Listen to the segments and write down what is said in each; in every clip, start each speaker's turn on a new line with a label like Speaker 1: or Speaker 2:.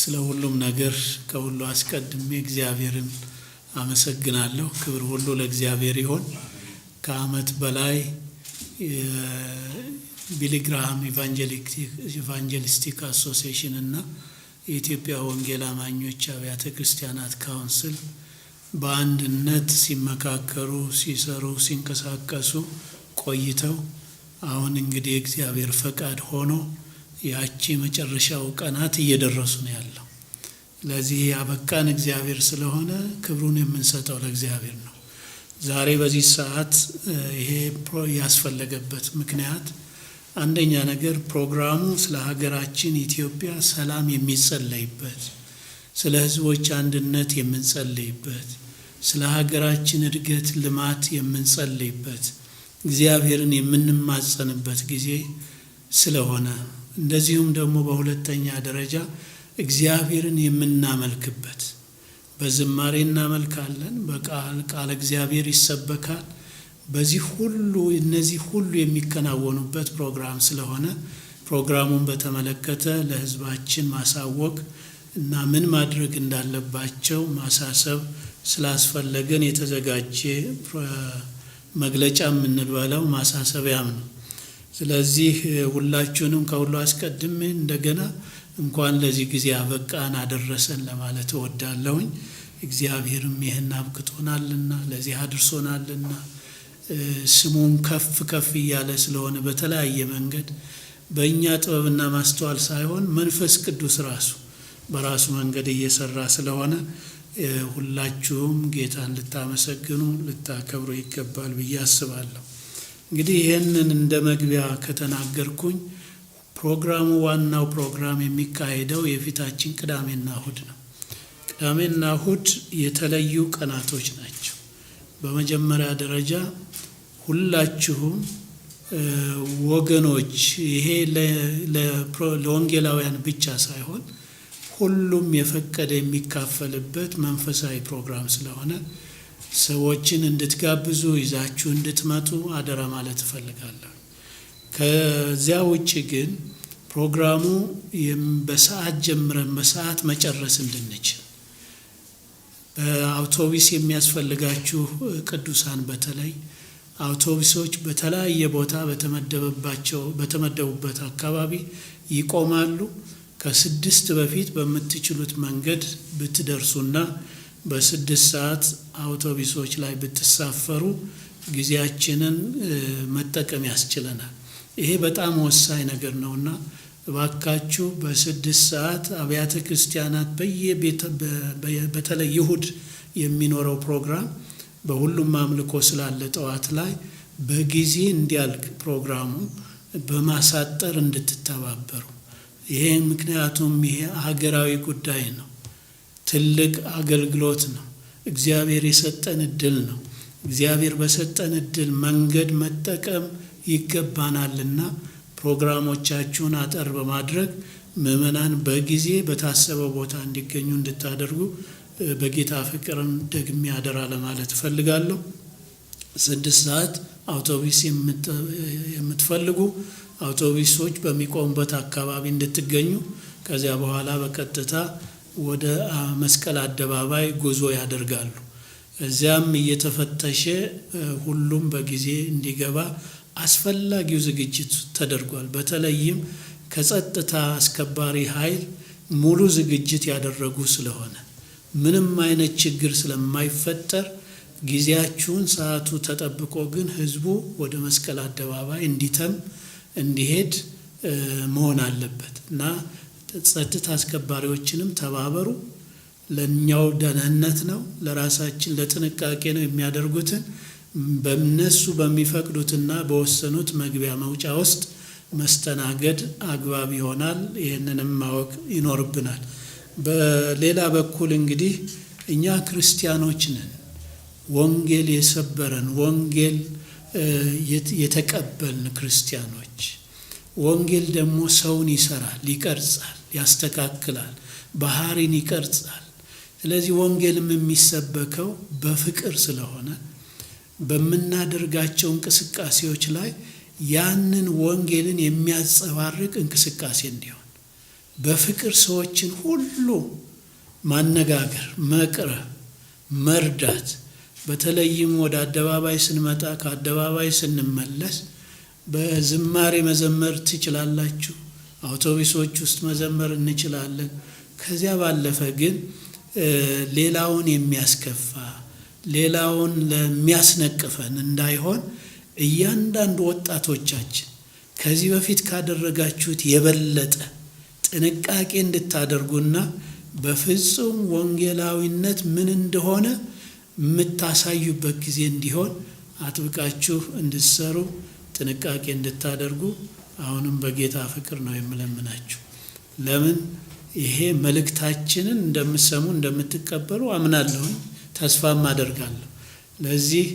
Speaker 1: ስለ ሁሉም ነገር ከሁሉ አስቀድሜ እግዚአብሔርን አመሰግናለሁ። ክብር ሁሉ ለእግዚአብሔር ይሆን። ከዓመት በላይ ቢሊግራሃም ኢቫንጀሊስቲክ አሶሴሽን እና የኢትዮጵያ ወንጌል አማኞች አብያተ ክርስቲያናት ካውንስል በአንድነት ሲመካከሩ፣ ሲሰሩ፣ ሲንቀሳቀሱ ቆይተው አሁን እንግዲህ እግዚአብሔር ፈቃድ ሆኖ ያቺ መጨረሻው ቀናት እየደረሱ ነው ያለው። ለዚህ ያበቃን እግዚአብሔር ስለሆነ ክብሩን የምንሰጠው ለእግዚአብሔር ነው። ዛሬ በዚህ ሰዓት ይሄ ያስፈለገበት ምክንያት አንደኛ ነገር ፕሮግራሙ ስለ ሀገራችን ኢትዮጵያ ሰላም የሚጸለይበት፣ ስለ ህዝቦች አንድነት የምንጸልይበት ስለ ሀገራችን እድገት ልማት የምንጸለይበት፣ እግዚአብሔርን የምንማጸንበት ጊዜ ስለሆነ እንደዚሁም ደግሞ በሁለተኛ ደረጃ እግዚአብሔርን የምናመልክበት በዝማሬ እናመልካለን፣ በቃል ቃል እግዚአብሔር ይሰበካል። በዚህ ሁሉ እነዚህ ሁሉ የሚከናወኑበት ፕሮግራም ስለሆነ ፕሮግራሙን በተመለከተ ለሕዝባችን ማሳወቅ እና ምን ማድረግ እንዳለባቸው ማሳሰብ ስላስፈለገን የተዘጋጀ መግለጫ የምንበለው ማሳሰቢያም ነው። ስለዚህ ሁላችሁንም ከሁሉ አስቀድሜ እንደገና እንኳን ለዚህ ጊዜ አበቃን አደረሰን ለማለት እወዳለሁኝ። እግዚአብሔርም ይህን አብቅቶናልና ለዚህ አድርሶናልና ስሙም ከፍ ከፍ እያለ ስለሆነ በተለያየ መንገድ በእኛ ጥበብና ማስተዋል ሳይሆን መንፈስ ቅዱስ ራሱ በራሱ መንገድ እየሰራ ስለሆነ ሁላችሁም ጌታን ልታመሰግኑ ልታከብሩ ይገባል ብዬ አስባለሁ። እንግዲህ ይህንን እንደ መግቢያ ከተናገርኩኝ ፕሮግራሙ ዋናው ፕሮግራም የሚካሄደው የፊታችን ቅዳሜና እሁድ ነው። ቅዳሜና እሁድ የተለዩ ቀናቶች ናቸው። በመጀመሪያ ደረጃ ሁላችሁም ወገኖች ይሄ ለወንጌላውያን ብቻ ሳይሆን ሁሉም የፈቀደ የሚካፈልበት መንፈሳዊ ፕሮግራም ስለሆነ ሰዎችን እንድትጋብዙ ይዛችሁ እንድትመጡ አደራ ማለት እፈልጋለሁ። ከዚያ ውጭ ግን ፕሮግራሙ በሰዓት ጀምረን በሰዓት መጨረስ እንድንችል በአውቶቢስ የሚያስፈልጋችሁ ቅዱሳን በተለይ አውቶቡሶች በተለያየ ቦታ በተመደበባቸው በተመደቡበት አካባቢ ይቆማሉ። ከስድስት በፊት በምትችሉት መንገድ ብትደርሱና በስድስት ሰዓት አውቶቢሶች ላይ ብትሳፈሩ ጊዜያችንን መጠቀም ያስችለናል። ይሄ በጣም ወሳኝ ነገር ነውና እባካችሁ በስድስት ሰዓት አብያተ ክርስቲያናት በየ በተለይ ይሁድ የሚኖረው ፕሮግራም በሁሉም አምልኮ ስላለ ጠዋት ላይ በጊዜ እንዲያልቅ ፕሮግራሙ በማሳጠር እንድትተባበሩ ይሄ ምክንያቱም ይሄ ሀገራዊ ጉዳይ ነው። ትልቅ አገልግሎት ነው። እግዚአብሔር የሰጠን እድል ነው። እግዚአብሔር በሰጠን እድል መንገድ መጠቀም ይገባናልና ፕሮግራሞቻችሁን አጠር በማድረግ ምእመናን በጊዜ በታሰበው ቦታ እንዲገኙ እንድታደርጉ በጌታ ፍቅርም ደግሜ አደራ ለማለት እፈልጋለሁ። ስድስት ሰዓት አውቶቡስ የምትፈልጉ አውቶቡሶች በሚቆሙበት አካባቢ እንድትገኙ ከዚያ በኋላ በቀጥታ ወደ መስቀል አደባባይ ጉዞ ያደርጋሉ። እዚያም እየተፈተሸ ሁሉም በጊዜ እንዲገባ አስፈላጊው ዝግጅት ተደርጓል። በተለይም ከጸጥታ አስከባሪ ኃይል ሙሉ ዝግጅት ያደረጉ ስለሆነ ምንም አይነት ችግር ስለማይፈጠር ጊዜያችሁን ሰዓቱ ተጠብቆ ግን ህዝቡ ወደ መስቀል አደባባይ እንዲተም እንዲሄድ መሆን አለበት እና ጸጥታ አስከባሪዎችንም ተባበሩ። ለእኛው ደህንነት ነው፣ ለራሳችን ለጥንቃቄ ነው የሚያደርጉትን በእነሱ በሚፈቅዱትና በወሰኑት መግቢያ መውጫ ውስጥ መስተናገድ አግባብ ይሆናል። ይህንንም ማወቅ ይኖርብናል። በሌላ በኩል እንግዲህ እኛ ክርስቲያኖች ነን። ወንጌል የሰበረን ወንጌል የተቀበልን ክርስቲያኖች ወንጌል ደግሞ ሰውን ይሰራል፣ ይቀርጻል፣ ያስተካክላል፣ ባህሪን ይቀርጻል። ስለዚህ ወንጌልም የሚሰበከው በፍቅር ስለሆነ በምናደርጋቸው እንቅስቃሴዎች ላይ ያንን ወንጌልን የሚያንጸባርቅ እንቅስቃሴ እንዲሆን በፍቅር ሰዎችን ሁሉ ማነጋገር፣ መቅረብ፣ መርዳት በተለይም ወደ አደባባይ ስንመጣ ከአደባባይ ስንመለስ በዝማሬ መዘመር ትችላላችሁ። አውቶቡሶች ውስጥ መዘመር እንችላለን። ከዚያ ባለፈ ግን ሌላውን የሚያስከፋ ሌላውን ለሚያስነቅፈን እንዳይሆን እያንዳንዱ ወጣቶቻችን ከዚህ በፊት ካደረጋችሁት የበለጠ ጥንቃቄ እንድታደርጉና በፍጹም ወንጌላዊነት ምን እንደሆነ የምታሳዩበት ጊዜ እንዲሆን አጥብቃችሁ እንድትሰሩ ጥንቃቄ እንድታደርጉ አሁንም በጌታ ፍቅር ነው የምለምናችሁ። ለምን ይሄ መልእክታችንን እንደምሰሙ እንደምትቀበሉ አምናለሁኝ፣ ተስፋም አደርጋለሁ። ለዚህ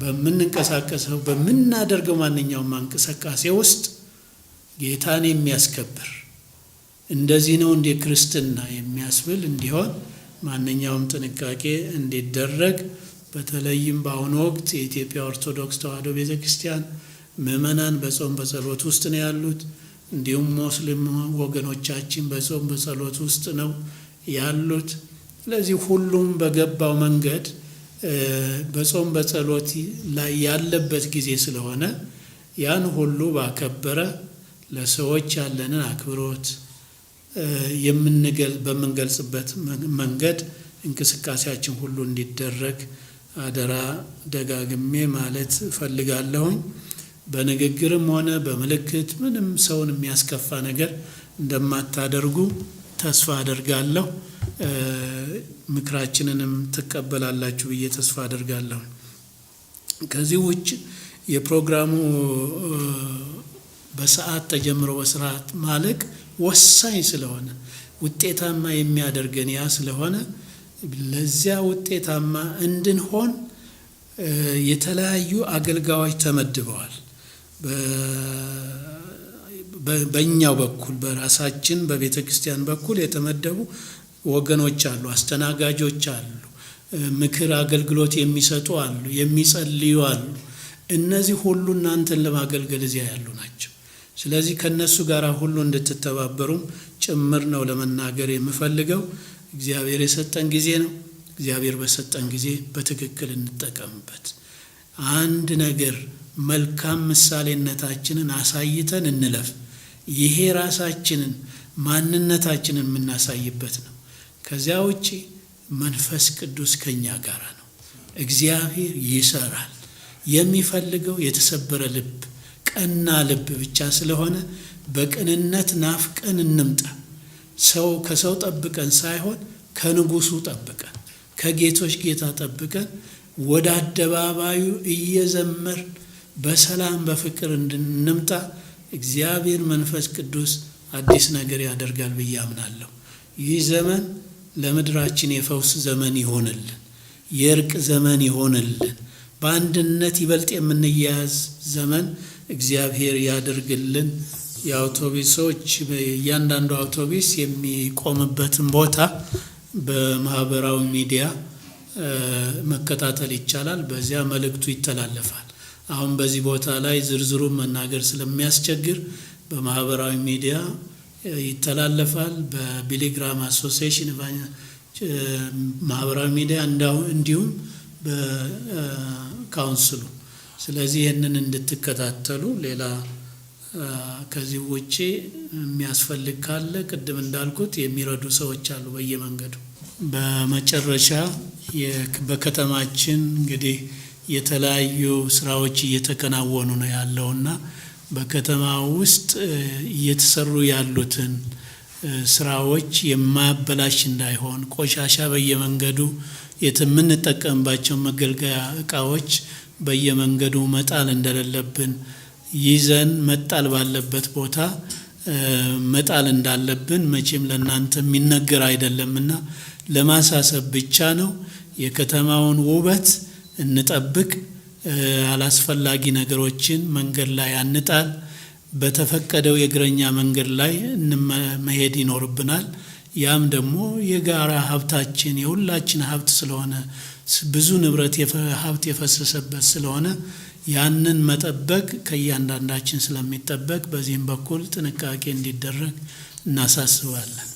Speaker 1: በምንንቀሳቀሰው በምናደርገው ማንኛውም እንቅስቃሴ ውስጥ ጌታን የሚያስከብር እንደዚህ ነው እንደ ክርስትና የሚያስብል እንዲሆን ማንኛውም ጥንቃቄ እንዲደረግ በተለይም በአሁኑ ወቅት የኢትዮጵያ ኦርቶዶክስ ተዋሕዶ ቤተ ክርስቲያን ምእመናን በጾም በጸሎት ውስጥ ነው ያሉት። እንዲሁም ሙስሊም ወገኖቻችን በጾም በጸሎት ውስጥ ነው ያሉት። ስለዚህ ሁሉም በገባው መንገድ በጾም በጸሎት ላይ ያለበት ጊዜ ስለሆነ ያን ሁሉ ባከበረ ለሰዎች ያለንን አክብሮት በምንገልጽበት መንገድ እንቅስቃሴያችን ሁሉ እንዲደረግ አደራ ደጋግሜ ማለት ፈልጋለሁኝ በንግግርም ሆነ በምልክት ምንም ሰውን የሚያስከፋ ነገር እንደማታደርጉ ተስፋ አደርጋለሁ። ምክራችንንም ትቀበላላችሁ ብዬ ተስፋ አደርጋለሁ። ከዚህ ውጭ የፕሮግራሙ በሰዓት ተጀምሮ በስርዓት ማለቅ ወሳኝ ስለሆነ ውጤታማ የሚያደርገን ያ ስለሆነ ለዚያ ውጤታማ እንድንሆን የተለያዩ አገልጋዮች ተመድበዋል። በእኛው በኩል በራሳችን በቤተ ክርስቲያን በኩል የተመደቡ ወገኖች አሉ፣ አስተናጋጆች አሉ፣ ምክር አገልግሎት የሚሰጡ አሉ፣ የሚጸልዩ አሉ። እነዚህ ሁሉ እናንተን ለማገልገል እዚያ ያሉ ናቸው። ስለዚህ ከእነሱ ጋር ሁሉ እንድትተባበሩም ጭምር ነው ለመናገር የምፈልገው። እግዚአብሔር የሰጠን ጊዜ ነው። እግዚአብሔር በሰጠን ጊዜ በትክክል እንጠቀምበት። አንድ ነገር መልካም ምሳሌነታችንን አሳይተን እንለፍ። ይሄ ራሳችንን ማንነታችንን የምናሳይበት ነው። ከዚያ ውጪ መንፈስ ቅዱስ ከኛ ጋር ነው። እግዚአብሔር ይሰራል። የሚፈልገው የተሰበረ ልብ፣ ቀና ልብ ብቻ ስለሆነ በቅንነት ናፍቀን እንምጣ። ሰው ከሰው ጠብቀን ሳይሆን ከንጉሱ ጠብቀን ከጌቶች ጌታ ጠብቀን ወደ አደባባዩ እየዘመር በሰላም በፍቅር እንድንምጣ እግዚአብሔር መንፈስ ቅዱስ አዲስ ነገር ያደርጋል ብዬ አምናለሁ። ይህ ዘመን ለምድራችን የፈውስ ዘመን ይሆንልን፣ የእርቅ ዘመን ይሆንልን፣ በአንድነት ይበልጥ የምንያያዝ ዘመን እግዚአብሔር ያደርግልን። ሰዎች እያንዳንዱ አውቶቡስ የሚቆምበትን ቦታ በማህበራዊ ሚዲያ መከታተል ይቻላል። በዚያ መልእክቱ ይተላለፋል። አሁን በዚህ ቦታ ላይ ዝርዝሩን መናገር ስለሚያስቸግር በማህበራዊ ሚዲያ ይተላለፋል። በቢሊግራም አሶሲሽን ማህበራዊ ሚዲያ እንዲሁም በካውንስሉ። ስለዚህ ይህንን እንድትከታተሉ ሌላ ከዚህ ውጭ የሚያስፈልግ ካለ ቅድም እንዳልኩት የሚረዱ ሰዎች አሉ በየመንገዱ። በመጨረሻ በከተማችን እንግዲህ የተለያዩ ስራዎች እየተከናወኑ ነው ያለው እና በከተማ ውስጥ እየተሰሩ ያሉትን ስራዎች የማያበላሽ እንዳይሆን ቆሻሻ በየመንገዱ የምንጠቀምባቸው መገልገያ እቃዎች በየመንገዱ መጣል እንደሌለብን ይዘን መጣል ባለበት ቦታ መጣል እንዳለብን መቼም ለእናንተ የሚነገር አይደለምና ለማሳሰብ ብቻ ነው። የከተማውን ውበት እንጠብቅ። አላስፈላጊ ነገሮችን መንገድ ላይ አንጣል። በተፈቀደው የእግረኛ መንገድ ላይ መሄድ ይኖርብናል። ያም ደግሞ የጋራ ሀብታችን የሁላችን ሀብት ስለሆነ ብዙ ንብረት ሀብት የፈሰሰበት ስለሆነ ያንን መጠበቅ ከእያንዳንዳችን ስለሚጠበቅ በዚህም በኩል ጥንቃቄ እንዲደረግ እናሳስባለን።